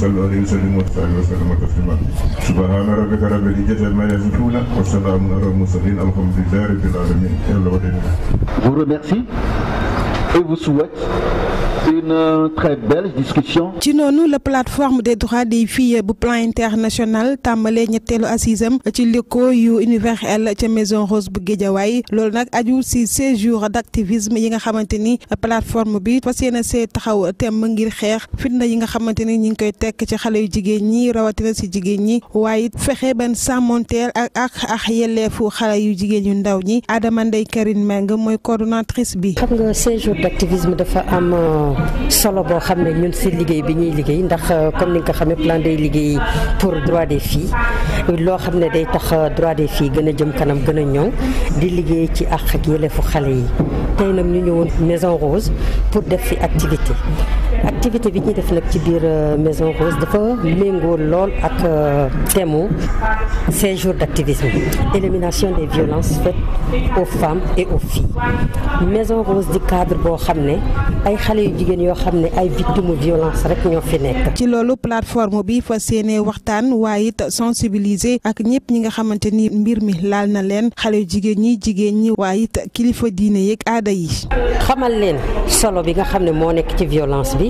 صلوا عليه وسلموا وسلم تسليما سبحان ربك رب العزة عما يصفون وسلام على المرسلين الحمد لله رب العالمين Vous remercie et vous souhaite une euh, ci noonu la plateforme des droits des filles bu plan international tàmbalee ñetteelu assisam ci lëkkoo yu universel ca maison Rose bu Guédiawaay loolu nag aju si seize jours d' activisme yi nga xamante ni plateforme bi fas yéene see taxaw temm ngir xeex fitna yi nga xamante ni ñu ngi koy tekk ci xale yu jigéen ñi rawatina si jigéen ñi waaye fexe benn sàmmonteel ak ak ak yelleefu xale yu jigéen yu ndaw ñi Adama Ndeye Karine Meng mooy coordonnatrice bi. xam nga seize d' am solo boo xam ne ñun si liggéey bi ñuy liggéey ndax euh, comme ni nga ko xamee plan day liggéey pour droit des filles loo xam ne day tax euh, droit des fi gën a jëm kanam gën a ñoŋ di liggéey ci àq ak yelleefu xale yi tey nag ñu ñëwoon Maison Rose pour def fi activité activité bi ñuy def nag ci biir euh, Maison Rose dafa méngoo lool ak euh, thème mu cinq jours d'activisme élimination des violences faites aux femmes aux filles Maison Rose di cadre boo xam ne ay xale yu jigéen yoo xam ne ay victimes violence rek ñoo fi nekk. ci loolu plateforme bi fa seenee waxtaan waaye it sensibiliser ak ñëpp ñi nga xamante ni mbir mi laal na leen xale yu jigéen ñi jigéen ñi waaye it kilifa diine yeeg aada yi. xamal leen solo bi nga xam ne moo nekk ci violence bi.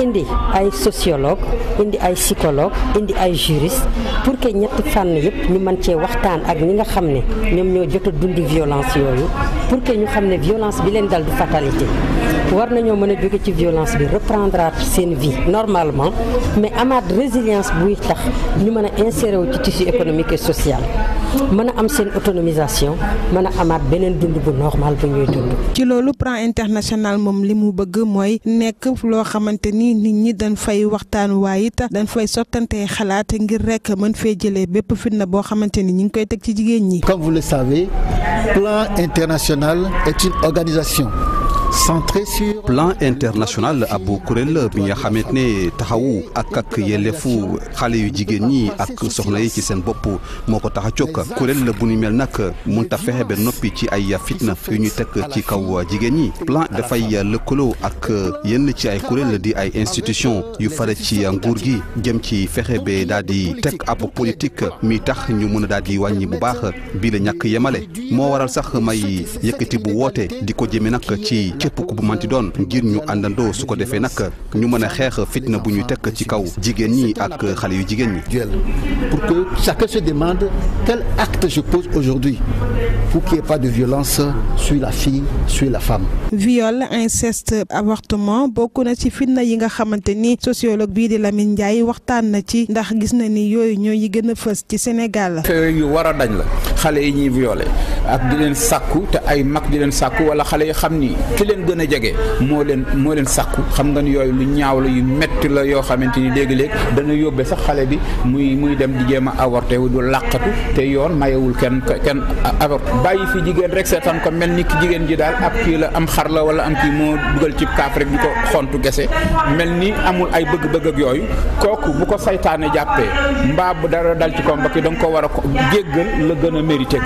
indi ay sociologue indi ay psychologue indi ay juriste pour que ñetti fànn yëpp ñu mën cee waxtaan ak ñi nga xam ne ñoom ñoo jot a dundi violence yooyu pour que ñu xam ne violence bi leen dal du fatalité war na ñoo mën a jóge ci violence bi reprendre seen vie normalement mais amaat résilience buy tax ñu mën a insérer wu ci tissu économique et social mën a am seen autonomisation mën a amaat beneen dund bu normal bu ñuy dund. ci loolu plan international nit ñi dañ fay waxtaan waaye it dañ fay sottantee xalaat ngir rek mën fee jëlee bépp fitna boo xamante ni ñu ngi koy teg ci jigéen ñi. Comme vous le savez, Plan International est une organisation. centré sur plan international ab kuréel bi nga xamante ne taxawu ak ak yelleefu xale yu jigéen ñi ak soxna yi ci seen bopp moo ko tax a jóg kuréel bu ni mel nag mënut a fexe ba noppi ci ay fitna yu ñu teg ci kaw jigéen ñi plan dafay lëkkaloo ak yenn ci ay kuréel la di ay institution yu fare ci nguur gi jëm ci fexe ba daal di teg ab politique mi tax ñu mën a daal di wàññi bu baax bii la ñàkk yemale moo waral sax may yëkkati bu woote di ko jëme nag ci képp ku bu manti doon ngir ñu àndandoo su ko defee nak ñu mën a xeex fitna bu ñuy tekk ci kaw jigéen ñi ak xale yu jigéen ñi. pour que chacun se demande quel acte je pose aujourd'hui pour qu'il n'y ait pas de violence sur la fille sur la femme. viol inceste avortement bokk na ci fitna yi nga xamante ni sociologue bii di Lamine Ndiaye waxtaan na ci ndax gis na ni yooyu ñooy yi gën a fës ci Sénégal. yu war a dañ la xale yi ñuy violé ak di leen sàkku te xale yi xam leen gën a jege moo leen moo leen sàkku xam nga ni yooyu lu ñaaw la yu metti la yoo xamante ni léegi-léeg dana yóbbe sax xale bi muy muy dem di jéem a avorté wu du làqatu te yoon mayewul kenn kenn avorté bàyyi fi jigéen rek seetaan ko mel ni ki jigéen ji daal ab kii la am xar la wala am kii moo dugal ci kaaf rek di ko xontu gese mel ni amul ay bëgg-bëgg ak yooyu kooku bu ko saytaane jàppee mbaa bu dara dal ci koom ba ki da ko war a ko jéggal la gën a mérite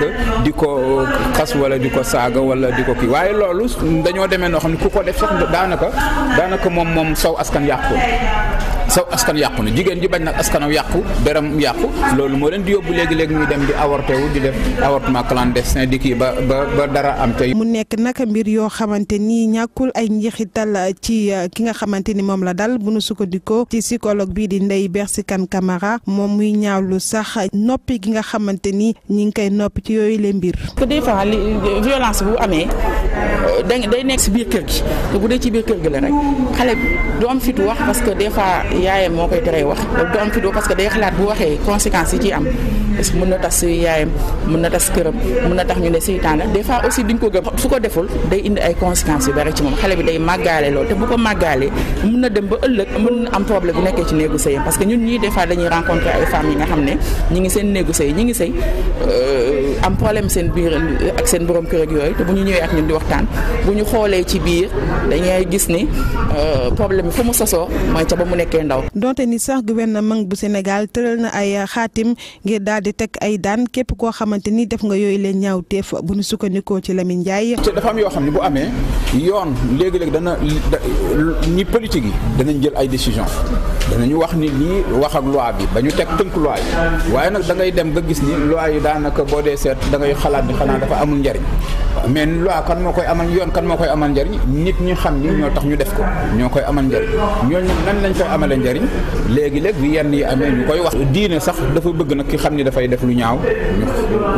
di ko xas wala di ko saaga demee noo xam ne ku ko def sax daanaka daanaka moom moom saw askan yàqu saw askan yàqu na jigéen ji bañ nag askanam yàqu deram yàqu loolu moo leen di yóbbu léegi-léegi ñuy dem di avorté wu di def avortement clandestin di kii ba ba ba dara am tey. mu nekk nag mbir yoo xamante ni ñàkkul ay njeexital ci euh, ki nga xamante ni moom la dal bu nu sukkandikoo ci psychologue bii di Ndeye Bersicane Camara moom muy ñaawlu sax noppi gi nga xamante ni ñu ngi koy nopp ci yooyu le mbir. des fois li violence bu amee euh, day nekk si biir kër gi bu fit wax parce que yaayam moo koy teree wax du am fidoo parce que day xalaat bu waxee conséquences yi ciy am parce que mën na tas suy yaayam mën na tas këram mën na tax ñu ne seytaan la des fois aussi duñ ko gëm su ko deful day indi ay conséquences yu bari ci moom xale bi day màggaale lool te bu ko màggaalee mën na dem ba ëllëg mën na am problème bu nekkee ci néegu sëyam parce que ñun ñii des fois dañuy rencontrer ay femmes yi nga xam ne ñi ngi seen néegu sëy ñi ngi sëy euh, am problème seen biir ak seen borom kër ak yooyu te bu ñu ñëwee ak ñun di waxtaan bu ñu xoolee ci biir dañuy gis ni euh, problème bi fu mu sosoo mooy ca nekkee ndaw ndaw. donte ni sax gouvernement bu Sénégal tëral na ay xaatim ngir daal di teg ay daan képp koo xamante ni def nga yooyu leen ñaaw teef bu ñu sukkandikoo ci Lamine Ndiaye. te dafa am yoo xam ne bu amee yoon léegi-léegi dana ñi politique yi danañ jël ay décision danañu wax ni lii wax ak loi bi ba ñu teg tënk loi yi waaye nag da ngay dem ba gis ni loi yi daanaka boo dee seet da xalaat ni xanaa dafa amul njariñ mais loi kan moo koy amal yoon kan moo koy amal njariñ nit xam ni ñoo tax ñu def ko ñoo koy amal njariñ ñooñu nan lañ koy njariñ léegi-léeg bi yenn yi amee ñu koy wax diine sax dafa bëgg nag ki xam ni dafay def lu ñaaw ñu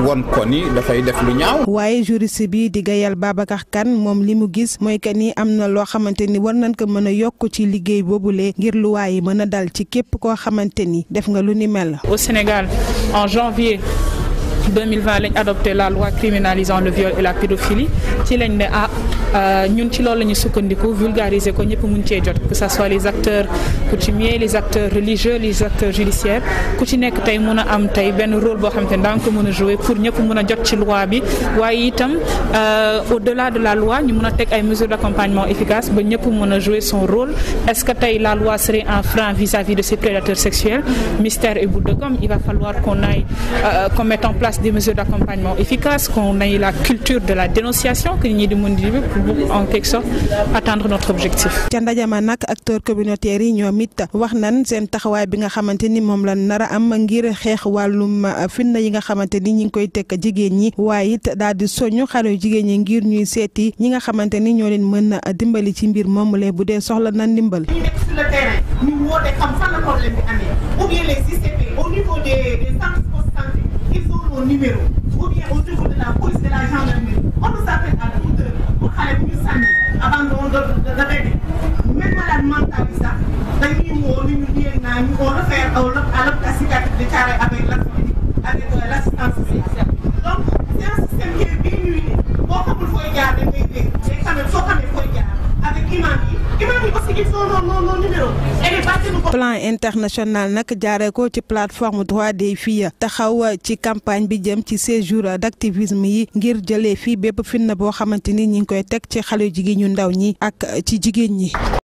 won ko ni dafay def lu ñaaw waaye juriste bi di Gayal Babacar Kane moom li mu gis mooy que ni am na loo xamante ni war nañ ko mën a yokk ci liggéey boobule ngir luwaay mën a dal ci képp koo xamante ni def nga lu ni mel. Au Sénégal en janvier. 2020 lañ adopté la loi criminalisant le viol et la pédophilie ci lañ ne ah euh, ñun ci loolu la ñu sukkandiku vulgariser ko ñëpp mun cee jot que ça soit les acteurs coutumiers les acteurs religieux les acteurs judiciaires ku ci nekk tey mun a am tey benn rôle boo xam te ne daa nga ko mën a jouer pour ñëpp mun a jot ci loi bi waaye itam euh, au delà de la loi ñu mun a teg ay mesures d'accompagnement efficaces ba ñëpp mun a jouer son rôle est-ce que tey la loi serait un frein vis-à-vis de ces prédateurs place des mesures d'accompagnement efficaces, qu'on la culture de la dénonciation que ñi di mën di pour en quelque ca ndaje ma nag acteur communautaire yi ñoom it wax nañ seen taxawaay bi nga xamante ni moom la nara a am ngir xeex wàllum fitna yi nga xamante ni ñi ngi koy tekk jigéen ñi waaye it daal di soñu xale jigéen ñi ngir ñuy seeti ñi nga xamante ni ñoo leen mën a dimbali ci mbir moom le bu dee soxla na ndimbal. à l'hôpital psychiatrique de plan international nag jaaree ko ci plateforme droit des filles taxaw ci campagne bi jëm ci 16 jours activisme yi ngir jëlee fii bépp fitna boo xamante ni ñi ngi koy teg ci xale jigéen ñu ndaw ñi ak ci jigéen ñi.